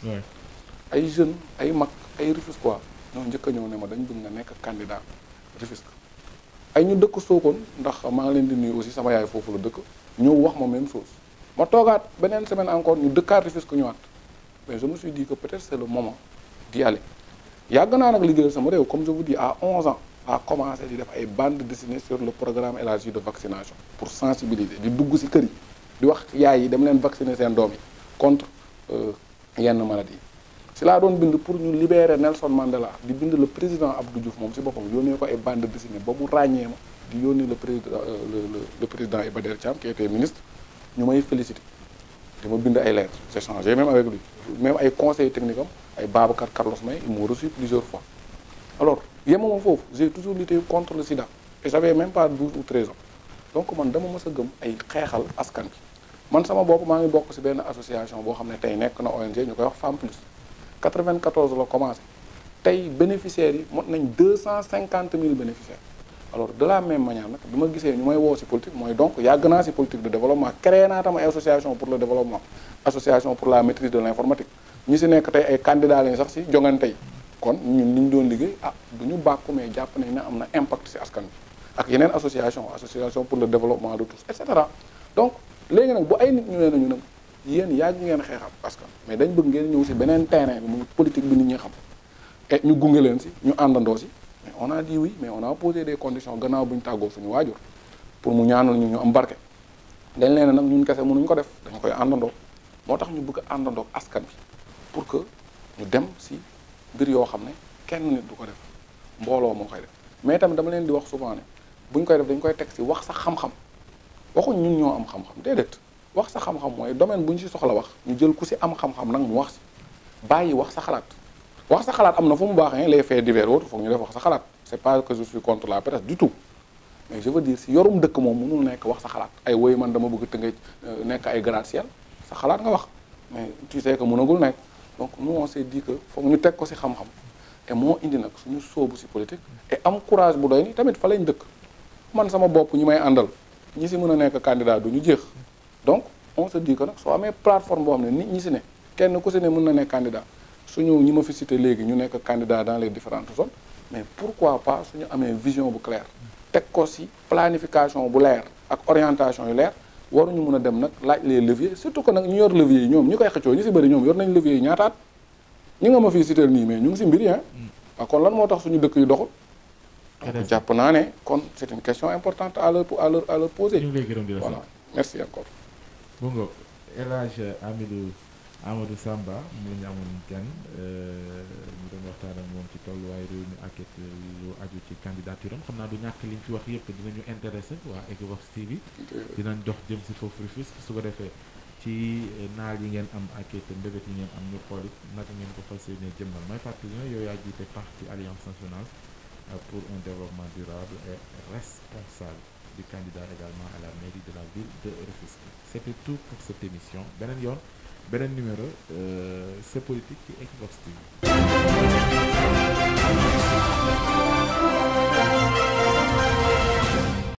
ay jeune ay mag ay Rufisque quoi ñoo njëkk a ñëw ne ma dañu bëgg nga nekk candidat Rufisque ay ñu dëkk Sokone ndax maa ngi leen di nuyu aussi sama yaay foofu la dëkk ñëw wax ma même chose ma toogaat beneen semaine encore ñu dëkkaat Rufisque ñëwaat mais je me suis dit que peut-être c'est yàgg naa nag liggéeyal sama réew comme je vous à 11 ans a commencé di def ay bandes dessinées sur le programme élargi de vaccination pour sensibiliser di dugg ci kër yi di wax yaay yi dem leen vacciner seen doom yi contre euh, yenn maladie yi si laa doon bind pour ñu libérer Nelson Mandela di bind le président Abdou Diouf moom si boppam yónnee ko ay bandes dessinées ba mu ràññee ma di yónni le président euh, le président Iba Der Thiam ministre ñu may félicité di ma bind ay lettres j'ai changé même avec lui même ay conseils techniques am ay Babacar Carlos May ils m'ont reçu plusieurs fois alors yemuma foofu j'ai toujours lutté contre le sida et j'avais même pas 12 ou 13 ans donc man dama mës a gëm ay xeexal askan bi man sama bopp maa ngi bokk ci benn association boo xam ne tey nekk na ONG ñu koy wax Femme Plus 94 la commencé tey bénéficiaires yi mot nañ 250 000 bénéficiaires alors de la même manière nag bi ma gisee ñu may woo ci politique mooy donc yàgg naa ci politique de développement créé naa tam association pour le développement association pour la maîtrise de l'informatique ñi ci nekk tey ay candidats lañu sax ci jongante kon ñun li ñu doon liggéey ah du ñu bàkku mais jàpp nañ ne am na impact si askan bi ak yeneen association association pour le développement de tous et cetera donc léegi nag bu ay nit ñu nee nañu nag yéen yàgg ngeen xeexal askan mais dañ bëgg ngeen ñëw ci beneen terrain bi ñu politique bi nit ñi xam et ñu gunge leen si ñu àndandoo si mais on a dit oui mais on a posé des conditions gannaaw bu ñu tàggoo suñu waajur pour mu ñaanal ñu ñu am barke dañ leen nag ñun kese mënuñ ko def dañ koy àndandoo moo tax ñu bëgg àndandoo askan bi pour que ñu dem ci mbir yoo xam ne kenn nit du ko def mbooloo moo koy def mais tamit dama leen di wax souvent ne buñ koy def dañ koy teg si wax sa xam-xam waxuñ ñun ñoo am xam-xam déedéet wax sa xam-xam mooy domaine bu ñu si soxla wax ñu jël ku si am xam-xam nag mu wax si bàyyi wax sa xalaat wax sa xalaat am na fu mu baaxee les faits divers autres foog ñu def wax sa xalaat c'est pas que je suis contre la presse du tout mais je veux dire si yorum dëkk moom mënul nekk wax sa xalaat ay woy man dama bëgg tëngëj euh, nekk ay gratte sa xalaat nga wax mais tu sais mënagul nekk donc nous on s'est dit foog ñu teg ko ci xam-xam et moo indi nag suñu soobu ci politique et am courage bu doy ni tamit fa lañ dëkk man sama bopp ñi may àndal ñi ci mën a nekk candidat du ñu jeex donc on se nag soo amee plateforme boo xam ne nit ñi ci ne kenn ku ci ne mën na nekk candidat suñu ñi ma fi cité léegi ñu nekk candidat dans les différentes zones mais pourquoi pas suñu amee vision bu claire teg ko ci planification bu leer ak orientation yu leer waruñu mun a dem nag laaj les leviers surtout que nag ñu yor leviers yi ñoom ñu koy xëccoo ñu si bëri ñoom yor nañ leviers yi ñaataat ñi nga ma fii citeel nii mais ñu ngi si mbir yi ah. hmm. kon lan moo tax suñu dëkk yu doxul jàpp naa ne kon c'est une question importante à leur à leur à leur poser voilà merci encore bongo El Hadj Hamidou Amadou Samba mu ñamoon gan ñu doon waxtaan ak moom ci tolluwaay réew mi ak euh, lu aju ci candidature am xam naa du ñàkk liñ fi wax yëpp dinañu intéressé waa Equivox TV dinañ dox jëm si foofu Rufisque su ko defee ci euh, naal yi ngeen am ak it yi ngeen am ñu xool it ngeen ko fas yéene jëmbal may fàttali ne yow yaa jiite parti Alliance nationale euh, pour un développement durable et responsable du candidat également à la mairie de la ville de Rufisque émission beneen yoon beneen numéro euh, c'est politique ci Equivox